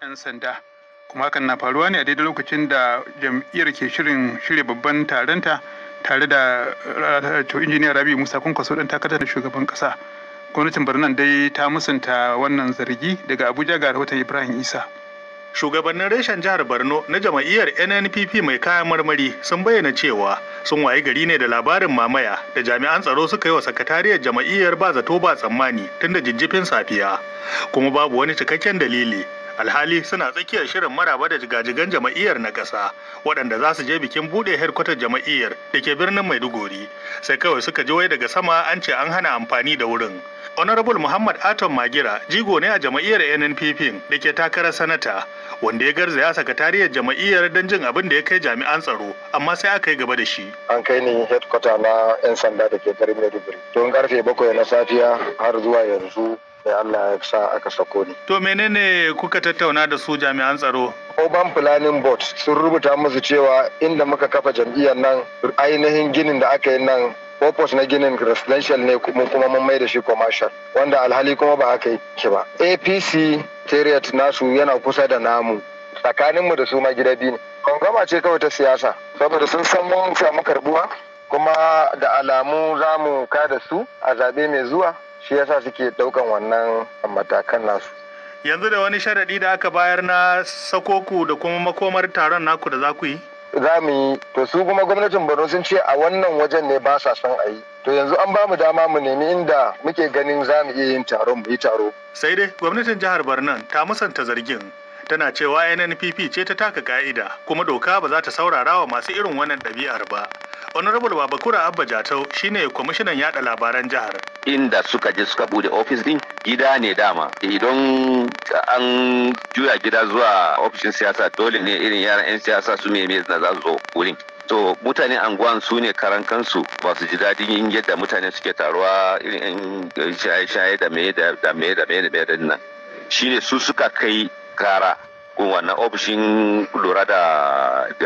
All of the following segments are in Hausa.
'yan sanda kuma hakan na faruwa ne a daidai lokacin da jam'iyyar ke shirin shirya babban taronta tare da injiniyar rabi musa kwankwaso ɗan takarta da shugaban kasa gwamnatin birnin dai ta musanta wannan zargi daga abuja ga rahoton ibrahim isa shugabannin reshen jihar borno na jam'iyyar nnpp mai kayan marmari sun bayyana cewa sun wayi gari ne da labarin mamaya da jami'an tsaro suka yi wa sakatariyar jam'iyyar ba zato ba tsammani tun da jijjifin safiya kuma babu wani cikakken dalili alhali suna tsakiyar shirin maraba da jigajigan jama'iyyar na ƙasa waɗanda za su je bikin buɗe hedkwatar jama'iyyar da ke birnin maiduguri sai kawai suka ji wai daga sama an ce an hana amfani da wurin honorable muhammad atom magira jigo ne a jama'iyyar nnpp da ke takarar sanata wanda ya garza ya saka sakatariyar jama'iyyar don jin abin da ya kai jami'an tsaro amma sai aka yi gaba da shi an kai ni headquarter na 'yan sanda da ke garin maiduguri don karfe bakwai na safiya har zuwa yanzu sai Allah ya sa aka sako ni. To menene kuka tattauna da su jami'an tsaro? Oban Planning Board sun rubuta musu cewa inda muka kafa jam'iyyar nan ainihin ginin da aka yi nan purpose na ginin residential ne kuma mun mai da shi commercial wanda alhali kuma ba haka yake ba. APC Terriot nasu yana kusa da namu tsakaninmu da su ma gida biyu ne. Kongama ce kawai ta siyasa saboda sun san mun samu karbuwa kuma da alamu za mu kada su a zaɓe mai zuwa shi yasa suke daukan wannan matakan nasu yanzu da wani sharadi da aka bayar na sakoku da kuma makomar taron naku da za ku yi za mu yi to su kuma gwamnatin borno sun ce a wannan wajen ne ba sa son a yi to yanzu an ba mu dama mu nemi inda muke ganin za mu iya yin taron mu yi taro sai dai gwamnatin jihar borno ta musanta zargin tana cewa nnpp ce ta taka ka'ida kuma doka ba za ta saurara wa masu irin wannan ɗabi'ar ba Honorable Babakura Abba Jatau shine kwamishinan yada labaran jihar. Inda suka je suka bude ofis din gida ne dama. Idan an juya gida zuwa ofishin siyasa dole ne irin yaran 'yan siyasa su me na za su zo wurin. to mutane anguwan su ne karan kansu ba su ji daɗin yadda mutane suke taruwa irin shaye-shaye da me da me da me da me nan shine su suka kai kara wannan ofishin lura da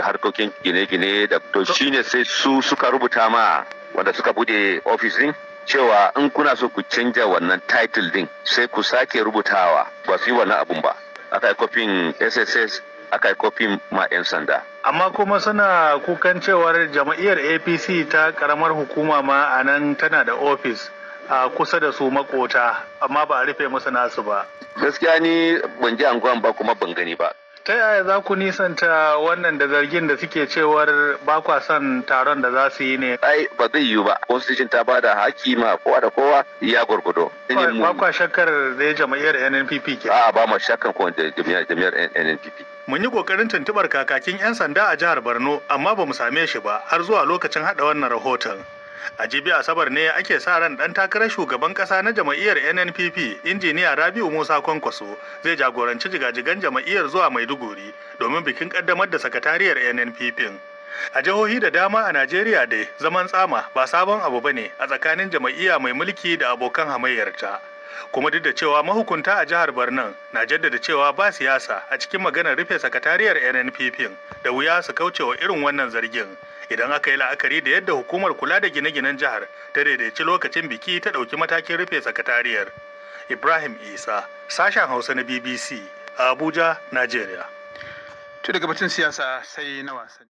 harkokin gine-gine da to shine sai su suka rubuta ma wanda suka bude ofis din cewa in kuna so ku canja wannan title din sai ku sake rubutawa ba su yi wannan abun ba aka yi kofin sss aka yi kofin ma 'yan sanda amma kuma suna kukan cewar jama'iyyar apc ta karamar hukuma ma a nan tana da ofis a kusa da su makota amma ba a rufe musu nasu ba. Gaskiya ni ban ji anguwan ba kuma ban gani ba. Ta yaya za ku nisanta wannan da zargin da suke cewar ba kwa son taron da za su yi ne? Ai ba zai yiwu ba. Constitution ta ba da haƙƙi ma kowa da kowa ya gwargwado. Ba kwa shakkar da ya jam'iyyar NNPP ke? A'a ba ma shakkar ko jam'iyyar NNPP. Mun yi ƙoƙarin tuntuɓar kakakin 'yan sanda a jihar Borno amma ba mu same shi ba har zuwa lokacin haɗa wannan rahoton. a jibi asabar ne ake sa ran dan takarar shugaban kasa na jam'iyyar nnpp injiniya rabiu musa kwankwaso zai jagoranci jigajigan jam'iyyar zuwa maiduguri domin bikin kaddamar da sakatariyar nnpp a jihohi da dama a najeriya dai zaman tsama ba sabon abu bane a tsakanin jam'iyya mai mulki da abokan hamayyarta kuma duk da cewa mahukunta a jihar Barnan na jaddada cewa ba siyasa a cikin maganar rufe sakatariyar NNPP da wuya su kaucewa irin wannan zargin idan aka yi la'akari da yadda hukumar kula da gine-ginen jihar ta daidaici lokacin biki ta ɗauki matakin rufe sakatariyar. Ibrahim Isa, sashen Hausa na BBC, Abuja, Najeriya. To